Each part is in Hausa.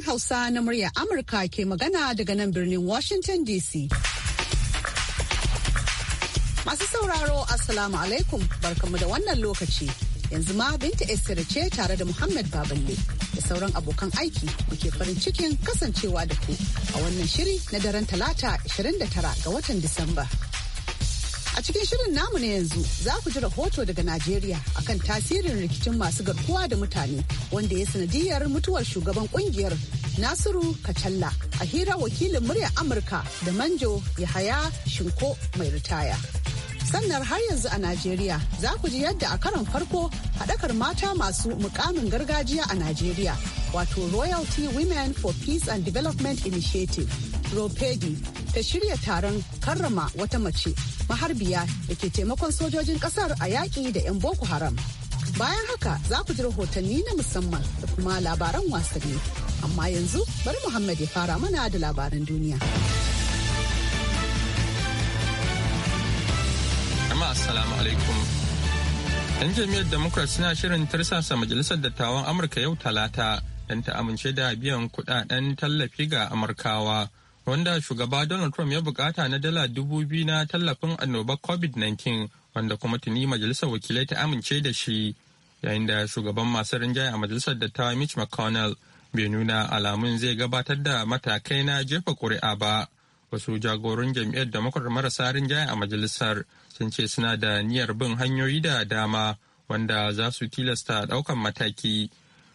sashen Hausa na murya Amurka ke magana daga nan birnin Washington DC. Masu sauraro Assalamu alaikum barkamu da wannan lokaci. Yanzu ma Binta Esther ce tare da Muhammad Baballe da sauran abokan aiki muke farin cikin kasancewa da ku a wannan shiri na daren Talata 29 ga watan Disamba. A cikin shirin namu na yanzu za ku ji rahoto daga Najeriya akan tasirin rikicin masu garkuwa da mutane wanda ya sanadiyar mutuwar shugaban kungiyar Nasiru Kacalla a hira wakilin Murya Amurka da Manjo Yahaya Shinko mai ritaya. Sannan har yanzu a Najeriya za ku ji yadda a karon farko haɗakar mata masu mukamin gargajiya a Najeriya wato Royalty Women for Peace and Development Initiative, ROPEDI da shirya taron karrama wata mace maharbiya da ke taimakon sojojin kasar a yaƙi da 'yan boko haram bayan haka za ku ji rahotanni na musamman da kuma labaran wasanni amma yanzu bari muhammad ya fara mana da labaran duniya yan jami'ar democrat suna shirin tarsasa majalisar dattawan amurka yau talata don ta amince da biyan kudaden tallafi ga amurkawa wanda shugaba Donald Trump ya bukata na dala dubu biyu na tallafin annobar COVID-19 wanda kuma tuni majalisar wakilai ta amince da shi yayin da shugaban masu rinjaye a majalisar dattawa Mitch McConnell bai nuna alamun zai gabatar da matakai na jefa kuri'a ba. Wasu jagoran jam'iyyar Democrat marasa rinjaye a majalisar sun ce suna da niyyar bin hanyoyi da dama wanda za su tilasta daukan mataki.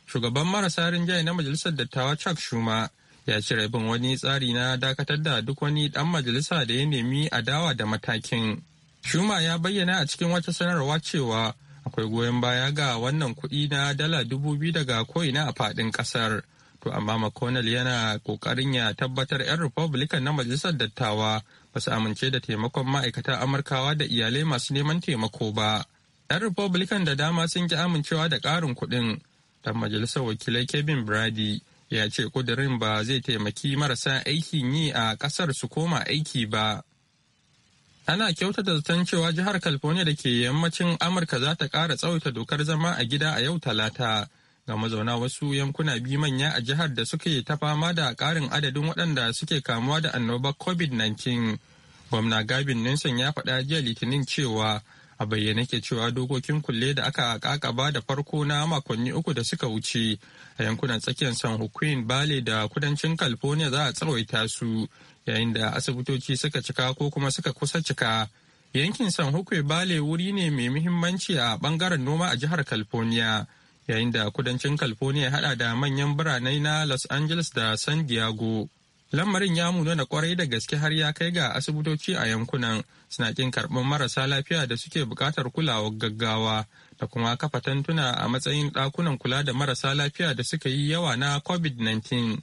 Shugaban marasa rinjaye na majalisar dattawa Chuck Schumer ya ci rabin wani tsari na dakatar da duk wani dan majalisa da ya nemi a dawa da matakin. Shuma ya bayyana a cikin wata sanarwa cewa akwai goyon baya ga wannan kuɗi na dala dubu biyu daga ko'ina a faɗin ƙasar. To amma McConnell yana ƙoƙarin ya tabbatar 'yan Republican na majalisar dattawa ba su amince da taimakon ma'aikatan Amurkawa da iyalai masu neman taimako ba. 'Yan Republican da dama sun ki amincewa da ƙarin kuɗin. Dan majalisar wakilai Kevin Brady ya ce ƙudirin ba zai taimaki marasa aikin yi a ƙasar su koma aiki ba. Ana kyautata zaton cewa jihar California da ke yammacin Amurka za ta kara tsawaita dokar zama a gida a yau talata ga mazauna wasu yankuna biyu manya a jihar da suke ta fama da karin adadin waɗanda suke kamuwa da annobar COVID-19. Gwamna Gabin Nelson ya faɗa jiya Litinin cewa a bayyane ke cewa dokokin kulle da aka ba da farko na makonni uku da suka wuce a yankunan tsakiyar san hukuin bale da kudancin california za a tsawaita su yayin da asibitoci suka cika ko kuma suka kusa cika yankin san hukwe bale wuri ne mai muhimmanci a bangaren noma a jihar california yayin da kudancin california hada da manyan biranai na los angeles da san diego lamarin ya munana kwarai da gaske har ya kai ga asibitoci a yankunan suna kin karɓar marasa lafiya da suke buƙatar kulawa gaggawa da kuma kafa tantuna a matsayin ɗakunan kula da marasa lafiya da suka yi yawa na covid-19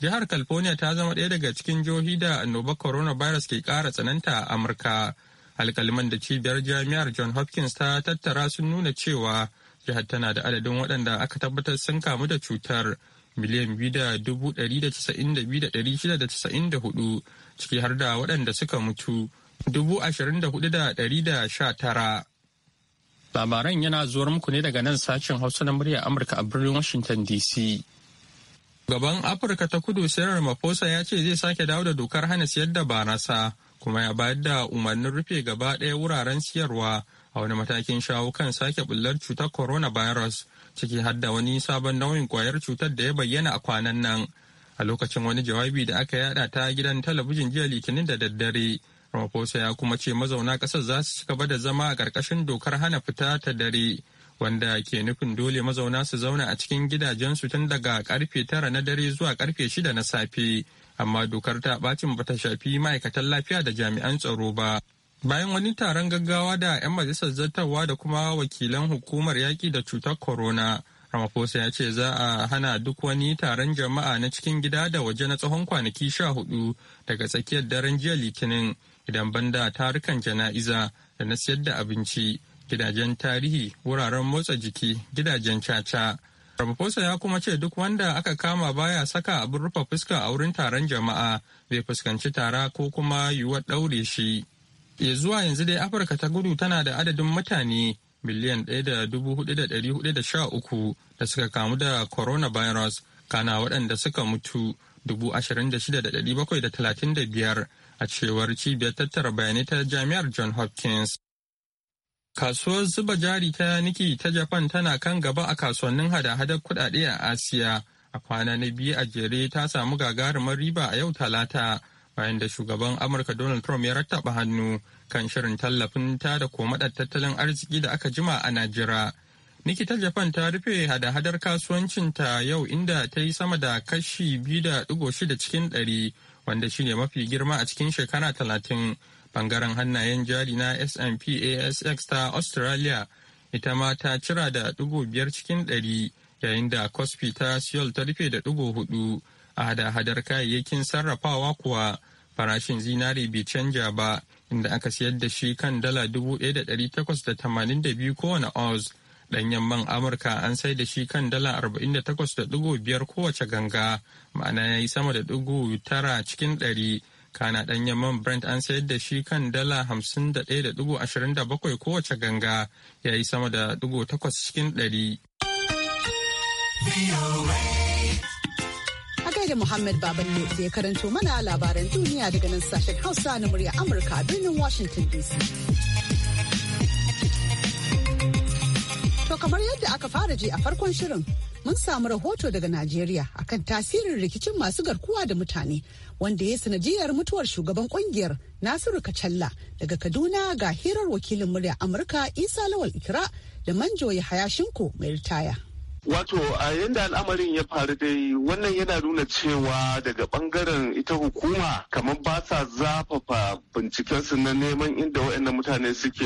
jihar california ta zama ɗaya daga cikin jihohi da annobar coronavirus ke ƙara tsananta a amurka alkaliman da cibiyar jami'ar john hopkins ta tattara sun nuna cewa jihar tana da adadin waɗanda aka tabbatar sun kamu da cutar miliyan biyu ciki har da waɗanda suka mutu dubu tara. Labaran yana zuwar muku ne daga nan sashen Hausa na murya Amurka a birnin Washington DC. Gaban Afirka ta kudu Sirar Maposa ya ce zai sake dawo da dokar hana siyar da barasa kuma ya bayar da umarnin rufe gaba ɗaya wuraren siyarwa a wani matakin shawo kan sake bullar cutar coronavirus ciki har da wani sabon nauyin kwayar cutar da ya bayyana a kwanan nan a lokacin wani jawabi da aka yada ta gidan talabijin jiya litinin da daddare ramaphosa ya kuma ce mazauna ƙasar za su ci gaba da zama a ƙarƙashin dokar hana fita ta dare wanda ke nufin dole mazauna su zauna a cikin gidajensu tun daga karfe tara na dare zuwa karfe shida na safe amma dokar ta bacin bata shafi ma'aikatan lafiya da jami'an tsaro ba bayan wani taron gaggawa da 'yan majalisar zartarwa da kuma wakilan hukumar yaƙi da cutar corona ramaphosa ya ce za a hana duk wani taron jama'a na cikin gida da waje na tsawon kwanaki sha hudu daga tsakiyar daren jiya litinin idan banda tarukan jana'iza da na siyar da abinci gidajen tarihi wuraren motsa jiki gidajen caca Ramaphosa ya kuma ce duk wanda aka kama baya saka abin rufe fuska a wurin taron jama'a zai fuskanci tara ko kuma yiwuwar ɗaure shi. ya zuwa yanzu dai afirka ta gudu tana da adadin mutane miliyan ɗaya da dubu hudu da ɗari hudu da sha uku da suka kamu da coronavirus kana waɗanda suka mutu dubu ashirin da shida da ɗari bakwai da talatin da biyar a cewar cibiyar tattara bayanai ta jami'ar john hopkins kasuwar zuba jari ta niki ta japan tana kan gaba a kasuwannin hada-hadar kudade a asiya a kwana na biyu a jere ta samu gagarumar riba a yau talata bayan da shugaban amurka donald trump ya rattaba hannu kan shirin tallafin ta da komadar tattalin arziki da aka jima a najira nikita japan ta rufe hada-hadar kasuwancinta yau inda ta yi sama da kashi biyu da cikin ɗari wanda shine mafi girma a cikin shekara talatin bangaren hannayen jari na snp ASX ta Australia ita ma ta cira da digo biyar cikin ɗari yayin da Kospi ta Seoul ta rufe da 4. a hada-hadar kayayyakin sarrafawa kuwa farashin zinari bai canja ba inda aka siyar da shi kan dala 1,882 kowane oz ɗanyen man amurka an sai da shi kan dala 48.5 kowace ganga ma'ana ya yi sama da ɗigo tara cikin ɗari kana ɗanyen man brent an sayar da shi kan dala 51.27 kowace ganga ya yi sama da ɗigo takwas cikin ɗari. da Muhammad Baballe zai ya karanto mana labaran duniya daga nan sashen Hausa na murya Amurka a birnin Washington DC. To kamar yadda aka fara ji a farkon shirin mun samu rahoto daga Najeriya akan tasirin rikicin masu garkuwa da mutane wanda ya sanadiyar mutuwar shugaban kungiyar Nasiru Kacalla daga Kaduna ga hirar wakilin murya Amurka Isa Lawal Ikra da Manjo Yahaya Shinko mai ritaya. Wato a yadda al'amarin ya faru dai wannan yana nuna cewa daga bangaren ita hukuma kamar ba sa zafafa bincikensu na neman inda waɗannan mutane suke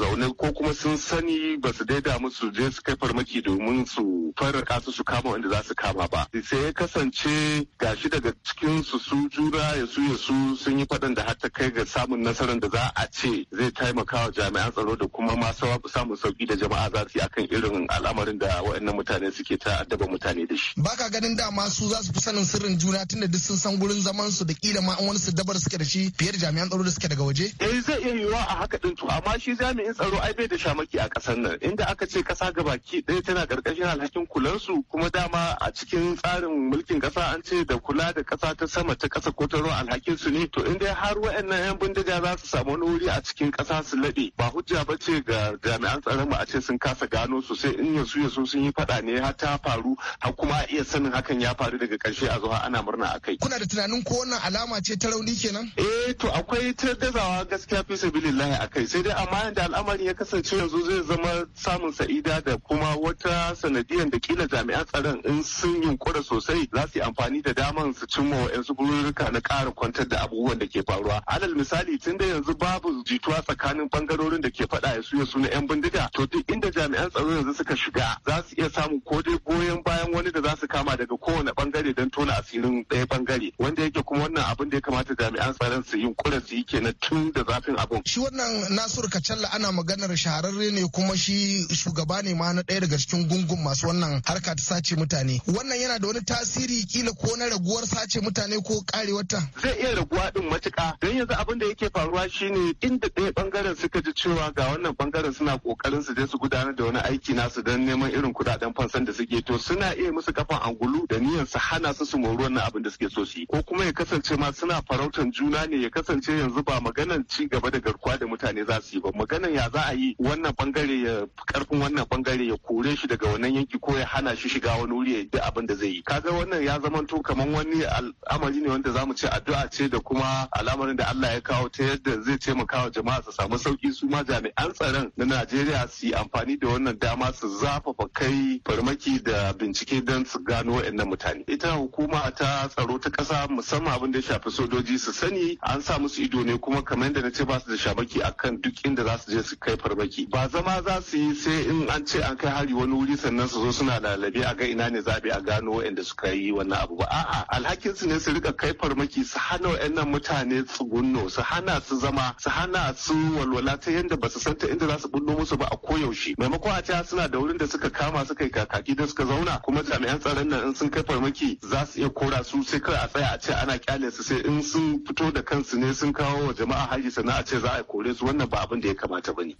zaune ko kuma sun sani ba su daida musu je su kai farmaki domin su fara kasu su kama wanda za su kama ba. Sai ya kasance gashi daga cikin su su jura ya su ya su sun yi faɗan da har ta kai ga samun nasarar da za a ce zai taimaka wa jami'an tsaro da kuma ma samun sauki da jama'a za su yi akan irin al'amarin da waɗannan mutane mutane suke ta addaba mutane da shi. Baka ganin dama su za su fi sanin sirrin juna tunda duk sun san gurin zaman su da kila ma an wani su dabar suke da shi fiye da jami'an tsaro da suke daga waje. Eh zai iya yiwuwa a haka din to amma shi jami'in tsaro ai bai da shamaki a kasar nan inda aka ce kasa baki ɗaya tana karkashin alhakin kulansu kuma dama a cikin tsarin mulkin kasa an ce da kula da kasa ta sama ta kasa ko ta ruwa alhakin su ne to inda har wa'annan 'yan bindiga za su samu wani wuri a cikin kasa su laɗe ba hujja ba ce ga jami'an tsaron ba a ce sun kasa gano su sai in yasu yasu sun yi faɗa ne ne har ta faru har kuma a iya sanin hakan ya faru daga ƙarshe a zuwa ana murna a kai. Kuna da tunanin ko wannan alama ce ta rauni kenan? Eh to akwai ta gazawa gaskiya fi bilillahi a kai sai dai amma yadda al'amarin ya kasance yanzu zai zama samun sa'ida da kuma wata sanadiyar da kila jami'an tsaron in sun yunkura sosai za su yi amfani da daman su cimma wa'yansu bururruka na ƙara kwantar da abubuwan da ke faruwa. Alal misali tun da yanzu babu jituwa tsakanin bangarorin da ke faɗa ya suya su na 'yan bindiga to duk inda jami'an tsaro yanzu suka shiga za su iya samun ko dai goyon bayan wani da za su kama daga kowane bangare don tona asirin ɗaya bangare wanda yake kuma wannan abin da ya kamata jami'an tsaron su yi kura su yi kenan tun da zafin abin. Shi wannan Nasiru Kacalla ana maganar shahararre ne kuma shi shugaba ne ma na ɗaya daga cikin gungun masu wannan harka ta sace mutane. Wannan yana da wani tasiri kila ko na raguwar sace mutane ko karewata. Zai iya raguwa din matuƙa don yanzu abin da yake faruwa shine inda ɗaya bangaren suka ji cewa ga wannan bangaren suna kokarin su je su gudanar da wani aiki nasu don neman irin kuɗaɗen san da suke to suna iya musu kafan angulu da niyan su hana su su mori wannan abin da suke so shi ko kuma ya kasance ma suna farautan juna ne ya kasance yanzu ba maganan ci gaba da garkuwa da mutane za su yi ba maganan ya za a yi wannan bangare ya karfin wannan bangare ya kore shi daga wannan yanki ko ya hana shi shiga wani wuri ya yi abin da zai yi kaga wannan ya zamanto kamar wani al'amari ne wanda zamu ce addu'a ce da kuma al'amarin da Allah ya kawo ta yadda zai taimakawa jama'a su samu sauki su ma jami'an tsaron na Najeriya su yi amfani da wannan dama su zafafa kai farmaki da bincike don su gano waɗannan mutane ita hukuma ta tsaro ta kasa musamman abin da ya shafi sojoji su sani an sa musu ido ne kuma kamar yadda na ce ba su da shabaki akan duk inda za su je su kai farmaki ba zama za su yi sai in an ce an kai hari wani wuri sannan su zo suna lalabe a ga ina ne zaɓe a gano waɗanda suka yi wannan abu ba a'a alhakin su ne su rika kai farmaki su hana waɗannan mutane tsugunno su hana su zama su hana su walwala ta yadda ba su san ta inda za su bullo musu ba a koyaushe maimakon a ce suna da wurin da suka kama suka yi kaki da suka zauna kuma jami'an tsaron nan in sun kai farmaki za su iya kora su sai kawai a tsaya a ce ana kyale su sai in sun fito da kansu ne sun kawo wa jama'a haji sannan a ce za a kore su wannan ba abin da ya kamata ba ne.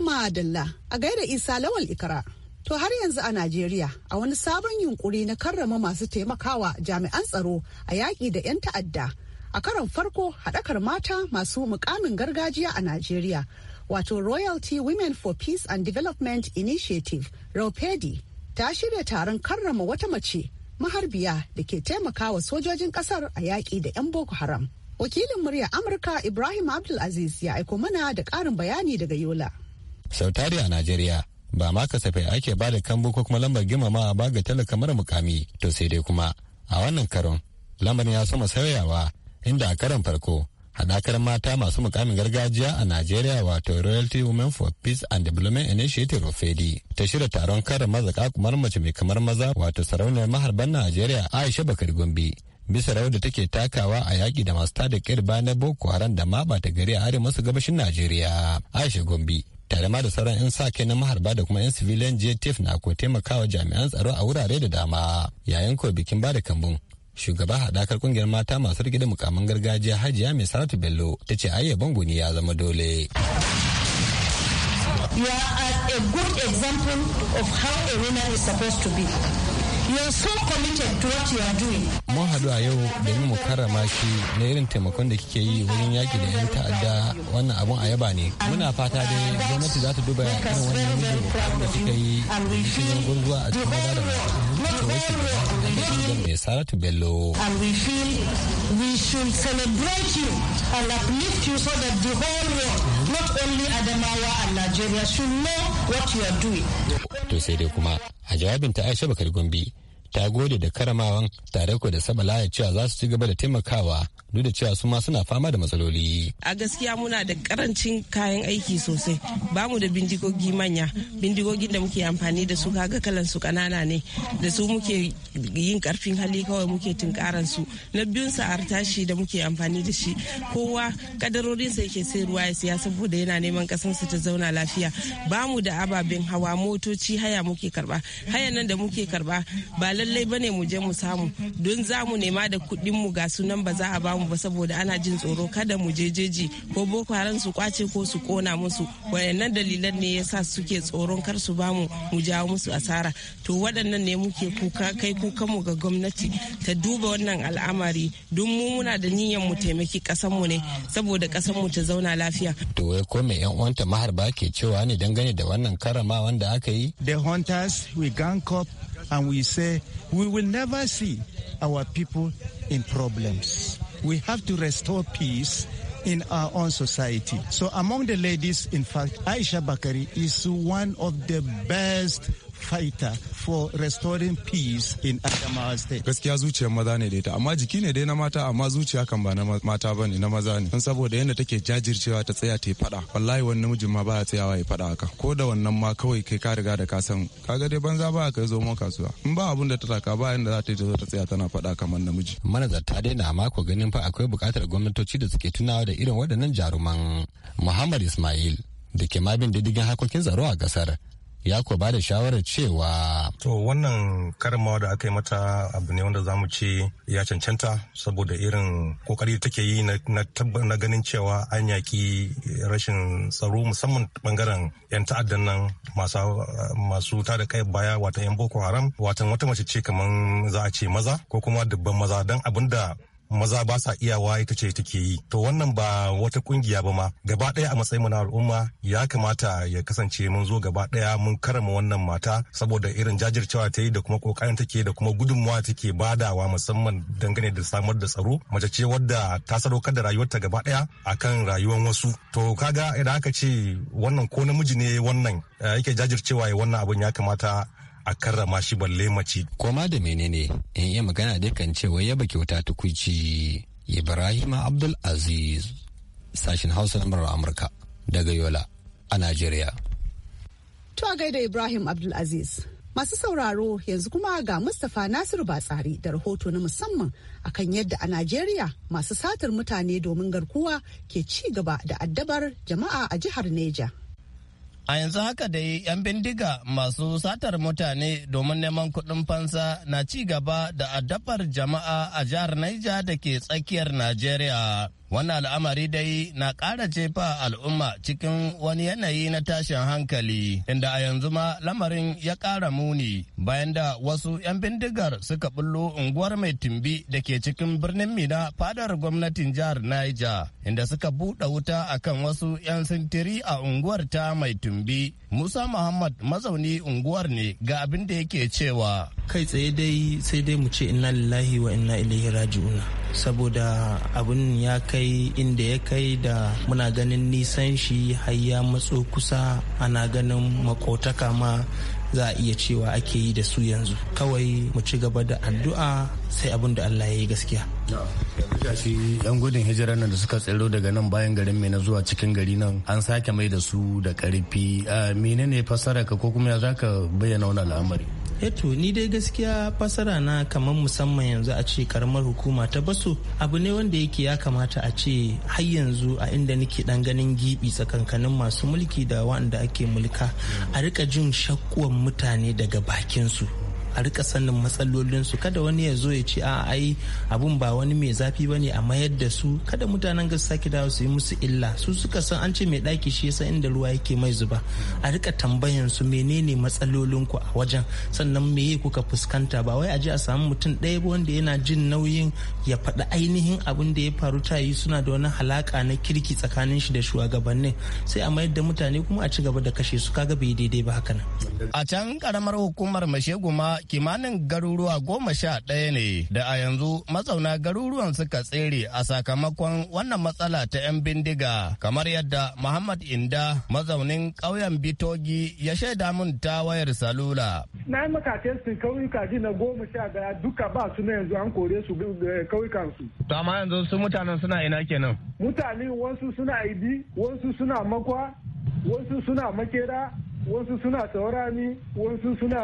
Madalla a gaida Isa Lawal ikara To har yanzu a Najeriya a wani sabon yunkuri na karrama masu taimakawa jami'an tsaro a yaƙi da 'yan ta'adda a karon farko haɗakar mata masu mukamin gargajiya a Najeriya wato Royalty Women for Peace and Development Initiative, ROPEDI ta shirya taron karrama wata mace maharbiya da ke taimakawa sojojin kasar a yaƙi da 'yan boko haram wakilin murya amurka ibrahim abdulaziz ya aiko mana da ƙarin bayani daga yola sautari a najeriya ba ma kasafai ake ba da kambu ko kuma lambar girmama ba ga talaka mara mukami to sai dai kuma a wannan karon lamarin ya sama sauyawa inda a karon farko hadakar mata masu mukamin gargajiya a Najeriya wato Royalty Women for Peace and Development Initiative of fedi ta shirya taron kare mazaka kuma mace mai kamar maza wato sarauniyar maharban Najeriya Aisha Bakar Gombe bisa rawar da take takawa a yaƙi da masu tada kirba na Boko Haram da ma gari a arewa masu gabashin Najeriya Aisha Gombe tare ma da sauran 'yan sa kai na maharba da kuma 'yan civilian jtf na ko taimakawa jami'an tsaro a wurare da dama yayin ko bikin bada kambun shugaba haɗakar ƙungiyar mata masu rigida da mukamin gargajiya hajiya mai saratu bello ta ce ayyar bangoni ya zama dole You are a good example of how a woman is supposed to be. Mun haɗu a yau domin mu karrama shi na irin taimakon da kike yi wajen yaki da 'yan ta'adda wannan abun a yaba ne. Muna fata dai gwamnati za ta duba irin wannan mugu da kika yi cikin gurguwa a cikin gada da Saratu Bello. And we feel we should celebrate Adamawa Nigeria, To sai dai kuma a jawabin ta Aisha Bakar Gombe ta gode da karamawan tare ko da sabalaya cewa za su ci gaba da taimakawa duk da cewa su ma suna fama da matsaloli. A gaskiya muna da karancin kayan aiki sosai ba mu da bindigogi manya bindigogin da muke amfani da su kaga kalan su kanana ne da su muke yin karfin hali kawai muke tunkaran su na biyun sa artashi da muke amfani da shi kowa sa yake sai ruwa ya siya saboda yana neman su ta zauna lafiya ba mu da ababen hawa motoci haya muke karba haya nan da muke karba ba lallai bane mu je mu samu don za mu nema da kuɗin mu ga sunan ba za a bamu ba saboda ana jin tsoro kada mu je jeji ko boko haram su kwace ko su kona musu wayannan dalilan ne yasa suke tsoron kar su bamu mu jawo musu asara to waɗannan ne muke kuka kai kukan mu ga gwamnati ta duba wannan al'amari don mu muna da niyyar mu taimaki ƙasar mu ne saboda ƙasar mu ta zauna lafiya to wai ko me yan uwanta maharba ke cewa ne dangane da wannan karama wanda aka yi the hunters we gang up and we say we will never see our people in problems. We have to restore peace in our own society. So among the ladies, in fact, Aisha Bakari is one of the best fighter for restoring peace in Adamawa state. Gaskiya zuciyar maza ne da amma jiki ne dai na mata amma zuciya kan ba na mata ba ne na maza ne. Don saboda yadda take jajircewa ta tsaya ta yi fada wallahi wani namijin ma baya tsayawa ya fada haka ko da wannan ma kawai kai ka riga da ka san kaga dai banza ba kai zo mun kasuwa in ba abun da ta taka ba yadda za ta yi ta zo ta tsaya tana fada kamar namiji. Manazarta dai na mako ganin fa akwai bukatar gwamnatoci da suke tunawa da irin waɗannan jaruman Muhammad Ismail da ke ma diddigin harkokin tsaro a kasar ya kuwa ba da shawarar cewa. To wannan karamawa da aka yi mata abu ne wanda za mu ce ya cancanta saboda irin kokari take yi na, ganin cewa an yaki rashin tsaro musamman bangaren 'yan ta'addan nan masu, masu tada kai baya wata 'yan boko haram watan wata mace ce kamar za a ce maza ko kuma dubban maza don abin da maza ba sa iyawa ita ce take yi to wannan ba wata kungiya ba ma gaba ɗaya a matsayin na al'umma ya kamata ya kasance mun zo gaba ɗaya mun karama wannan mata saboda irin jajircewa ta yi da kuma kokarin take da kuma gudunmawa take badawa musamman dangane da samar da tsaro mace ce wadda ta sadaukar da rayuwarta gaba ɗaya akan rayuwar wasu to kaga idan aka ce wannan ko namiji ne wannan eh, yake jajircewa ya wannan abin ya kamata a karrama shi balle mace. Koma da menene in iya magana dai kan cewa ya ba kyauta tukuci Ibrahim Abdul Aziz sashin Hausa na murar Amurka daga Yola a Najeriya. To a gaida Ibrahim Abdul Aziz. Masu sauraro yanzu kuma ga Mustapha Nasiru Batsari da rahoto na musamman akan yadda a Najeriya masu satar mutane domin garkuwa ke ci gaba da addabar jama'a a jihar Neja. A yanzu haka dai 'yan bindiga masu satar mutane domin neman kuɗin fansa na ci gaba da addabar jama'a a jihar Niger da ke tsakiyar Najeriya. Wannan al'amari dai na ƙara jefa al'umma cikin wani yanayi na tashin hankali, inda a yanzu ma lamarin ya ƙara muni bayan da wasu 'yan bindigar suka bullo unguwar mai timbi da ke cikin birnin Mina fadar gwamnatin jihar Niger, inda suka buɗe wuta akan wasu 'yan sintiri a unguwar ta mai tumbi. Musa Muhammad mazauni unguwar ne ga abin da yake cewa. Kai tsaye dai sai dai mu ce inna lillahi wa inna ilaihi raji'una. Saboda abin ya kai inda ya kai da muna ganin nisan shi har ya matso kusa ana ganin makotaka ma za a iya cewa ake yi da su yanzu kawai mu ci gaba da addu'a sai abin da Allah ya yi gaskiya shi yan gudun hijirar nan da suka tsiro daga nan bayan garin mai na zuwa cikin gari nan an sake mai da su da karfi ah, menene fasara ka ko kuma ya zaka bayyana wani al'amari eto eh ni dai gaskiya fasara na kamar musamman yanzu a ce karamar hukuma ta baso abu ne wanda yake ya kamata a ce har yanzu a inda nake dan ganin gibi tsakankanin masu mulki da wanda ake mulka a rika jin shakkuwan mutane daga bakin su. a rika sanin matsalolin su kada wani ya zo ya ci a ai abun ba wani mai zafi bane a mayar da su kada mutanen ga sake dawo su yi musu illa su suka san an ce mai daki shi yasa inda ruwa yake mai zuba a rika tambayan su menene matsalolin ku a wajen sannan me meye kuka fuskanta ba wai a je a samu mutum ɗaya ba wanda yana jin nauyin ya faɗi ainihin abin da ya faru ta yi suna da wani halaka na kirki tsakanin shi da shugabannin sai a mayar da mutane kuma a ci gaba da kashe su kaga bai daidai ba haka nan a can karamar hukumar masheguma kimanin garuruwa goma sha ɗaya ne da a yanzu mazauna garuruwan suka tsere a sakamakon wannan matsala ta 'yan bindiga kamar yadda Muhammad Inda mazaunin ƙauyen Bitogi ya shaida mun ta wayar salula. Na yi makaten su kauyuka ji na goma sha daya duka ba su na yanzu an kore su eh, kauyukan su. To amma yanzu su mutanen suna ina kenan. Mutane wasu suna ibi, wasu suna makwa, wasu suna makera, wasu suna taurani, wasu suna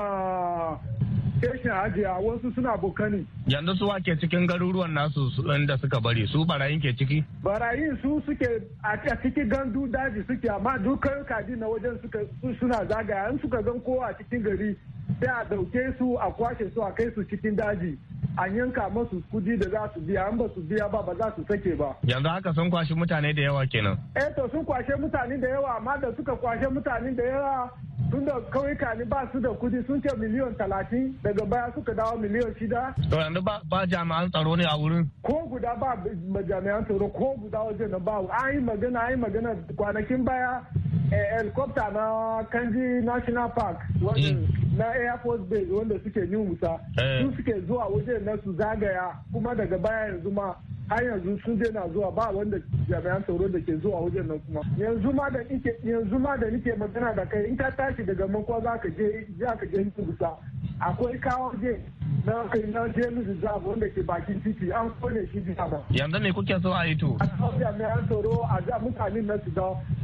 keshin Hajiya wasu suna bukani Yanzu su ke cikin garuruwan nasu inda suka bari su barayin ke ciki? Barayin su suke a cikin gandu daji suke amma dukkan kaji na wajen suna zagaya in suka gan kowa a cikin gari sai a dauke su a kwashe su a kai su cikin daji an yanka masu kudi da za su biya an ba su biya ba ba za su sake ba. Yanzu haka sun kwashe mutane da yawa kenan. Eh to sun kwashe mutane da yawa amma da suka kwashe mutane da yawa tunda kauyuka ne ba su da kudi sun ce miliyon talatin daga baya suka dawo miliyon shida. To yanzu ba jami'an tsaro ne a wurin. Ko guda ba jami'an tsaro ko guda wajen na ba an yi magana an yi magana kwanakin baya eh, helicopter na Kanji National Park mm. na Air Force Base wanda suke New Musa. Eh. Su suke zuwa wajen na su zagaya kuma daga baya yanzu ma har yanzu sun na zuwa ba wanda jami'an tsaro da ke zuwa wajen nan kuma yanzu ma da nike yanzu ma da nike magana da kai in ka tashi daga makwa za ka je za ka je gusa akwai kawo je na kai na je musu za wanda ke bakin titi an kone shi bisa ba yanzu me kuke so a yi to a jami'an tsaro a mutanen na su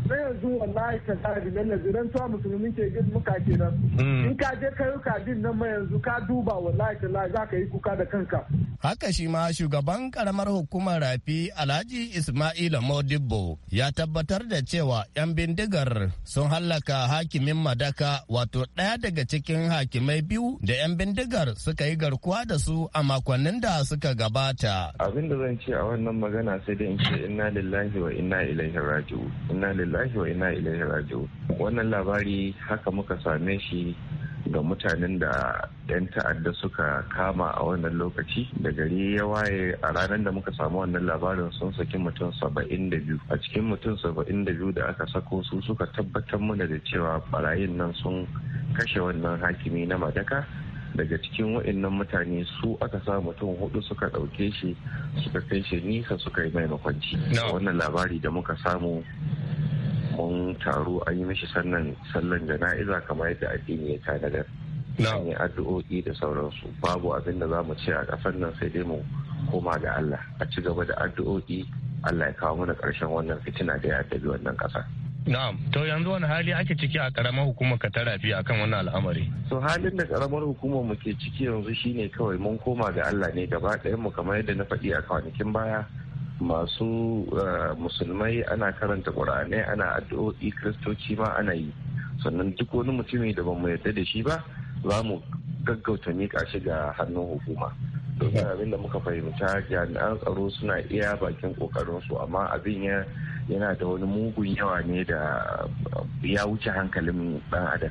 na yanzu wallahi ka tsari lalle zidan tuwa musulmi ke gid muka kenan mm. in ka je ka yi kadin nan ma yanzu ka duba wallahi ta za ka yi kuka da kanka haka shi ma shugaban karamar hukumar rafi alhaji ismaila modibo ya tabbatar da cewa yan bindigar sun hallaka hakimin madaka wato ɗaya daga cikin hakimai biyu da yan bindigar suka yi garkuwa da su a makonnin da suka gabata abin da zan ce a wannan magana sai dai in ce inna lillahi wa inna ilaihi raji'u inna lillahi lillahi wa ina ilaihi raji'un wannan labari haka muka same shi ga mutanen da 'yan ta'adda suka kama a wannan lokaci da gari ya waye a ranar da muka samu wannan labarin sun saki mutum saba'in da biyu a cikin mutum saba'in da biyu da aka sako su suka tabbatar mana da cewa barayin nan sun kashe wannan hakimi na madaka daga cikin wa'annan mutane su aka sa mutum hudu suka ɗauke shi suka kai shi nisa suka yi mai makwanci wannan labari da muka samu mun taru an yi mishi sannan sallan jana'iza kamar yadda addini ya tanadar sun addu'o'i da sauransu babu abin da za mu ce a ƙasar nan sai dai mu koma ga Allah a ci gaba da addu'o'i Allah ya kawo mana ƙarshen wannan fitina da ya addabi wannan ƙasa. Na'am, to yanzu wani hali ake ciki a karamar hukumar ka tara akan wannan al'amari. To halin da karamar hukumar mu ke ciki yanzu shine kawai mun koma ga Allah ne gaba ɗayan mu kamar yadda na faɗi a kwanakin baya masu eh, musulmai ana karanta ƙur'anai ana addu'o'i kiristoci ma ana yi sannan duk wani mutumi da bamu mu yarda da shi ba za mu gaggauta miƙa shi ga hannun hukuma domin abin da muka fahimta jami'an tsaro suna iya bakin ƙoƙarinsu amma abin yana da wani mugun yawa ne da ya wuce hankalin ɗan adam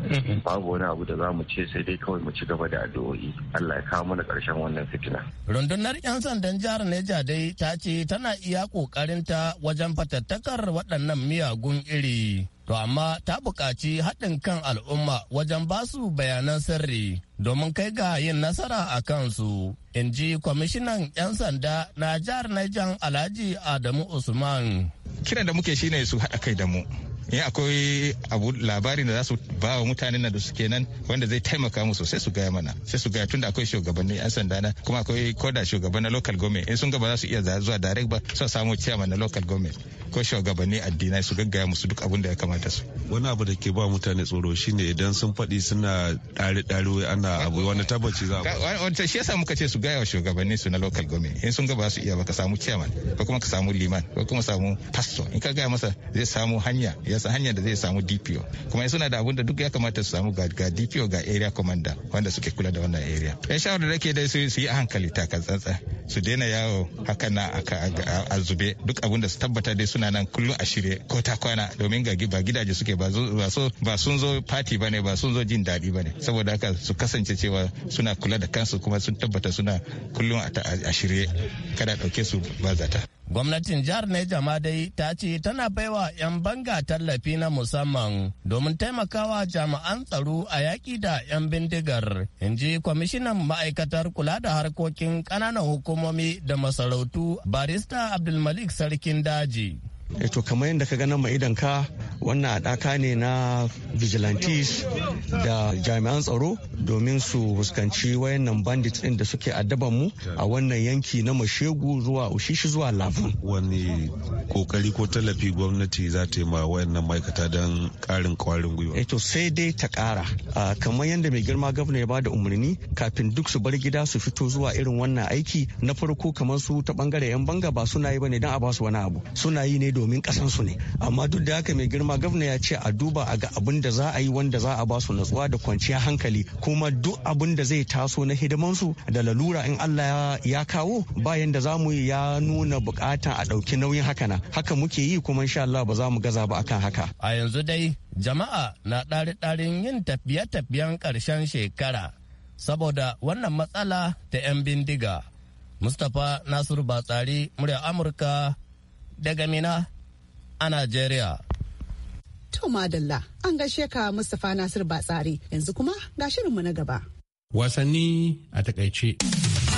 Mhm. babu wani abu da za mu ce sai dai kawai mu ci gaba da addu'o'i Allah ya kawo mana ƙarshen wannan fitina. Rundunar 'yan sandan jihar Neja dai ta ce tana iya ƙoƙarinta wajen fatattakar waɗannan miyagun iri. To amma ta buƙaci haɗin kan al'umma wajen ba su bayanan sirri domin kai ga yin nasara a kansu. In ji kwamishinan 'yan sanda na jihar Neja Alhaji Adamu Usman. Kiran da muke shine su haɗa kai da mu. in akwai abu labarin da za su ba wa mutanen da suke nan wanda zai taimaka musu sai su gaya mana sai su gaya tunda akwai shugabanni yan sanda na kuma akwai koda shugaban na local government in sun gaba za su iya zuwa direct ba su samu chairman na local government ko shugabanni addinai su gaggaya musu duk abin da ya kamata su wani abu da ke ba mutane tsoro shine idan sun faɗi suna ɗari ɗari ana abu wani tabbaci za a shi yasa muka ce su gaya wa shugabanni su na local government in sun gaba su iya ba ka samu chairman ko kuma ka samu liman ko kuma samu pastor in ka gaya masa zai samu hanya ya sa hanyar da zai samu DPO kuma suna da abun da duk ya kamata su samu ga DPO ga area commander wanda suke kula da wannan area ya eh, shawar da rake dai su yi a hankali taka tsantsa su daina yawo haka na a zube duk abun da su tabbata dai suna nan kullum a shirye ko ta kwana domin ga ba gidaje suke ba sun zo party bane ba sun zo jin daɗi bane saboda haka su kasance cewa suna kula da kansu kuma sun tabbata suna kullum a shirye kada ɗauke su ba zata Gwamnatin jihar Neja ma dai ta ce tana baiwa 'yan banga tallafi na musamman domin taimakawa jami'an tsaro a yaƙi da 'yan bindigar, in ji kwamishinan ma'aikatar kula da harkokin ƙananan hukumomi da masarautu barista Abdulmalik Sarkin Daji. Eto eh, kamar yadda ka ganin ma'idanka wannan adaka ne na vigilantes da jami'an tsaro domin su fuskanci wayannan bandits ɗin da suke addaban mu a wannan yanki na mashegu zuwa ushishi zuwa labu. wani kokari ko tallafi gwamnati za ta yi ma wayannan ma'aikata don ƙarin kwarin gwiwa eh to sai dai ta kara kamar yadda mai girma gwamna ya bada umarni kafin duk su bar gida su fito zuwa irin wannan aiki na farko kamar su ta bangare yan banga ba suna yi bane don a ba su wani abu suna yi ne domin kasan ne amma duk da haka mai girma gwamna ya ce a duba a ga abin da za a yi wanda za a ba su natsuwa da kwanciya hankali kuma duk abin da zai taso na hidimansu da lalura in Allah ya kawo bayan da za mu ya nuna bukata a ɗauki nauyin haka na haka muke yi kuma insha Allah ba za mu gaza ba akan haka a yanzu dai jama'a na ɗari-ɗarin yin tafiye-tafiyen ƙarshen shekara saboda wannan matsala ta 'yan bindiga mustapha nasiru batsari murya amurka daga mina a najeriya To madalla an gaishe ka Mustapha Nasir Batsari yanzu kuma ga shirinmu na gaba. Wasanni a takaice.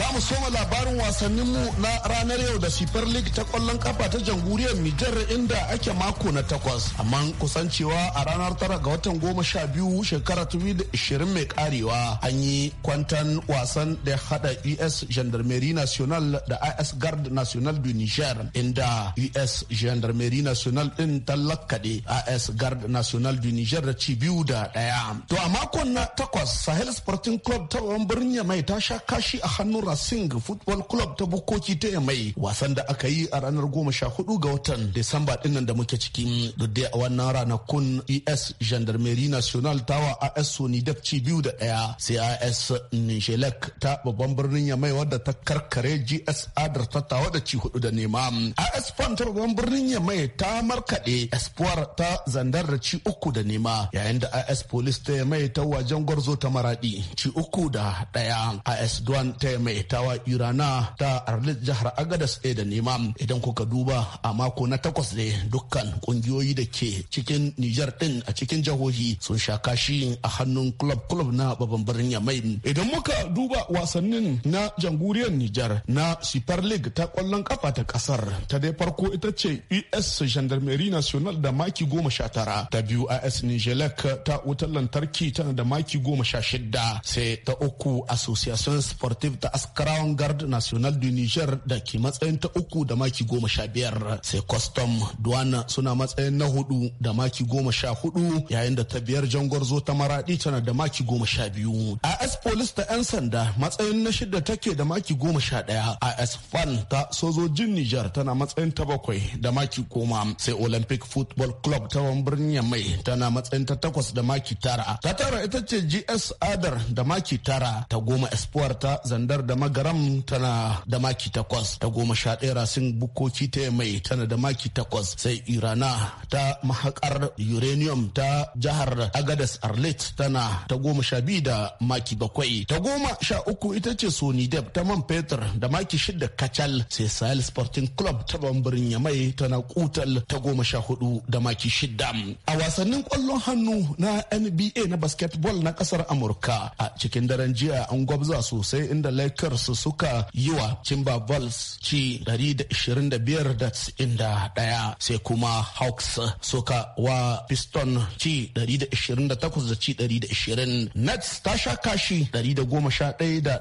Za mu soma labarin wasanninmu na ranar yau da Super League ta kwallon kafa ta jamhuriyar Nijar inda ake mako na takwas. Amma kusancewa a ranar tara ga watan goma sha biyu shekara ishirin mai karewa an yi kwantan wasan da hada US Gendarmerie National da IS Guard National du Niger inda US Gendarmerie National din tallakade IS Guard National du Niger da ci biyu da daya. To a makon na takwas Sahel Sporting Club ta birnin mai ta sha kashi a hannun sing Football Club ta Bukkoki ta mai wasan da aka yi a ranar goma sha hudu ga watan Disamba dinnan da muke ciki duk da a wannan ranakun ES Gendarmerie National Tawa AS Sonidep ci biyu da daya sai AS Nishelek ta babban birnin ya mai wadda ta karkare GS Adar ta tawa da ci hudu da nema. AS Fan babban birnin ya mai ta markade Espoir ta zandar da ci uku da nema yayin da AS Police ta Yamai ta wajen gwarzo ta maraɗi ci uku da daya AS Duan ta mai. tawa irana ta arlit jihar agadas ɗaya eh, da nema idan kuka duba a mako na takwas ne dukkan kungiyoyi da ke cikin nijar ɗin a cikin jihohi sun sha kashi a hannun club club na babban birnin yamai idan muka duba wasannin na janguriyar nijar na super league ta kwallon kafa ta kasar ta dai farko ita ce us gendarmerie national da maki goma sha tara ta biyu as nijelek ta wutar lantarki tana da maki goma sha shida sai ta uku association sportive ta crown guard national du niger da ke matsayin ta uku da maki goma sha biyar sai custom duwana suna matsayin na hudu da maki goma sha hudu yayin da ta biyar jangwarzo ta maradi tana da maki goma sha biyu as police ta yan sanda matsayin na shida take da maki goma sha daya as fan ta sojojin niger tana matsayin ta bakwai da maki goma sai olympic football club ta birnin yamai tana matsayin ta takwas da maki tara ta tara ita ce gs adar da maki tara ta goma espoir ta zandar da magaram tana da maki takwas ta goma sha ɗaya rasin bukoki ta mai tana da maki takwas sai irana ta mahakar uranium ta jihar agadas arlet tana ta goma sha biyu da maki bakwai ta goma sha uku ita ce sony deb ta man fetur da maki shida kacal sai sahel sporting club ta bambirin mai tana kutal ta goma sha hudu da maki shida a wasannin kwallon hannu na nba na basketball na kasar amurka a cikin daren jiya an gwabza sosai inda lake su suka yi wa Timberwolves ci 125-91 sai kuma Hawks suka wa Piston ci 128 120. Nets ta sha kashi 111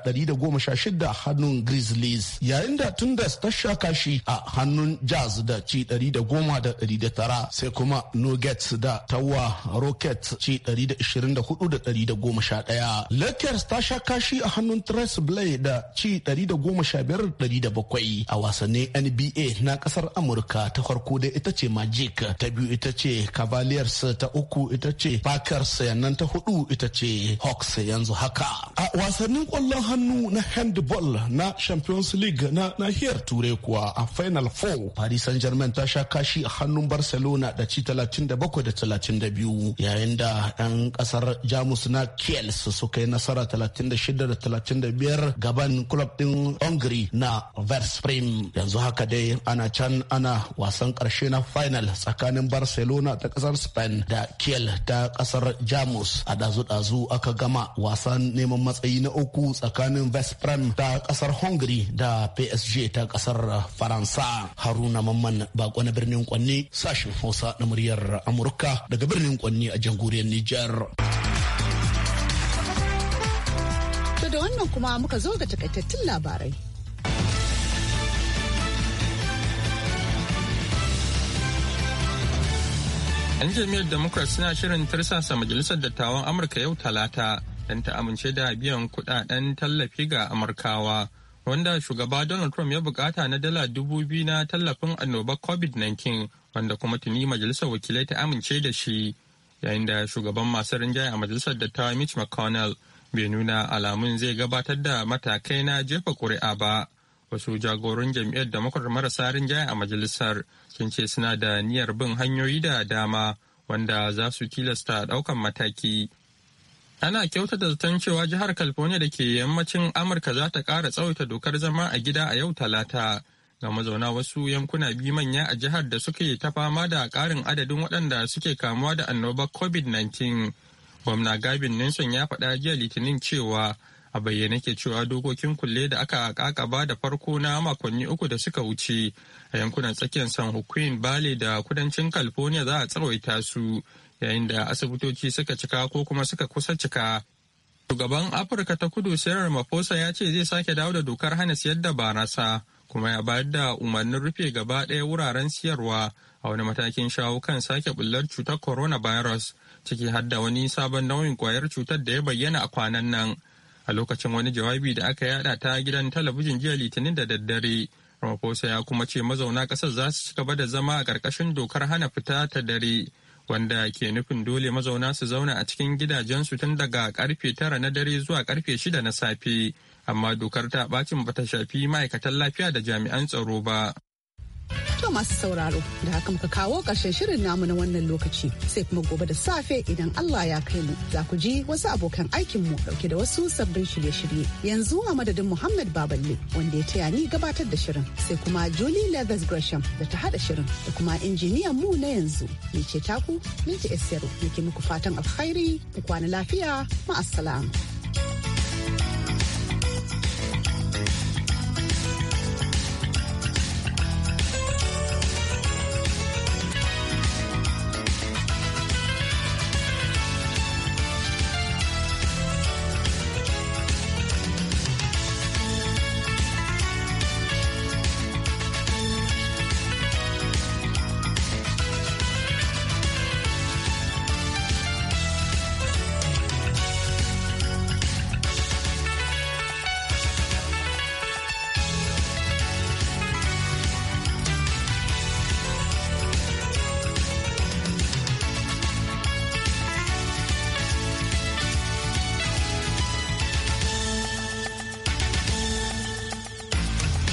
116 hannun Grizzlies yayin da Tunders ta sha kashi a hannun Jazz da ci 110 109 sai kuma Nuggets da tawa Rockets ci 124 111. Lakers ta sha kashi a hannun Trace Blade da ci 115-107 a wasannin NBA na kasar Amurka ta farko da ita ce Magic ta biyu ita ce Cavaliers ta uku ita ce Packers yannan ta hudu ita ce Hawks yanzu haka. A wasannin kwallon hannu na handball na Champions League na nahiyar Turai kuwa a Final Four Paris Saint-Germain ta sha kashi a hannun Barcelona da ci 37 da 32 yayin da 'yan kasar Jamus na Kiel suka yi nasara 36 da 35 gaba shugaban club din hungary na versprim yanzu haka dai ana can ana wasan karshe na final tsakanin barcelona ta kasar spain da kiel ta kasar jamus a dazu-dazu aka gama wasan neman matsayi na uku tsakanin vesprem ta kasar hungary da psg ta kasar faransa haruna mamman bako na birnin kwanni sashin hausa na muryar amurka daga birnin kwanne a jamhuriyar niger wannan kuma muka zo ga takaitattun labarai. yan jam'iyyar democrat suna shirin tirsasa majalisar dattawan amurka yau talata don ta amince da biyan kudaden tallafi ga amurkawa wanda shugaba donald trump ya bukata na dala dubu biyu na tallafin annobar covid-19 wanda kuma tuni majalisar wakilai ta amince da shi yayin da shugaban masu rinjaye a majalisar dattawa mitch mcconnell bai nuna alamun zai gabatar da matakai na jefa kuri'a ba wasu jagoran jam'iyyar demokrat marasa rinjaye a majalisar sun ce suna da niyyar bin hanyoyi da dama wanda za su tilasta ɗaukan mataki ana kyautata zaton cewa jihar california da ke yammacin amurka za ta ƙara tsawaita dokar zama a gida a yau talata ga mazauna wasu yankuna biyu manya a jihar da suke ta fama da ƙarin adadin waɗanda suke kamuwa da annobar covid-19 gwamna gabin nelson ya faɗa jiya litinin cewa a bayyane ke cewa dokokin kulle da aka ba da farko na makonni uku da suka wuce a yankunan tsakiyar san hukuin bale da kudancin california za a tsawaita su yayin da asibitoci suka cika ko kuma suka kusa cika shugaban afirka ta kudu sirar mafosa ya ce zai sake dawo da dokar hana siyar da barasa kuma ya bayar da umarnin rufe gaba ɗaya wuraren siyarwa a wani matakin shawo kan sake bullar cutar coronavirus ciki har da wani sabon nauyin kwayar cutar da ya bayyana a kwanan nan a lokacin wani jawabi da aka yada ta gidan talabijin jiya litinin da daddare ramaphosa ya kuma ce mazauna ƙasar za su ci gaba da zama a ƙarƙashin dokar hana fita ta dare wanda ke nufin dole mazauna su zauna a cikin gidajensu tun daga karfe tara na dare zuwa karfe shida na safe amma dokar ta bacin bata shafi ma'aikatan lafiya da jami'an tsaro ba To masu sauraro da haka muka kawo ƙarshen shirin namu na wannan lokaci sai kuma gobe da safe idan Allah ya kai mu za ku ji wasu abokan aikinmu dauke da wasu sabbin shirye-shirye. Yanzu a madadin Muhammad Baballe wanda ya taya ni gabatar da shirin sai kuma Julie Leathers Gresham da ta hada shirin da kuma injiniyan mu na yanzu mai ce taku Minti Esiru yake muku fatan alkhairi ku kwana lafiya ma'assalam.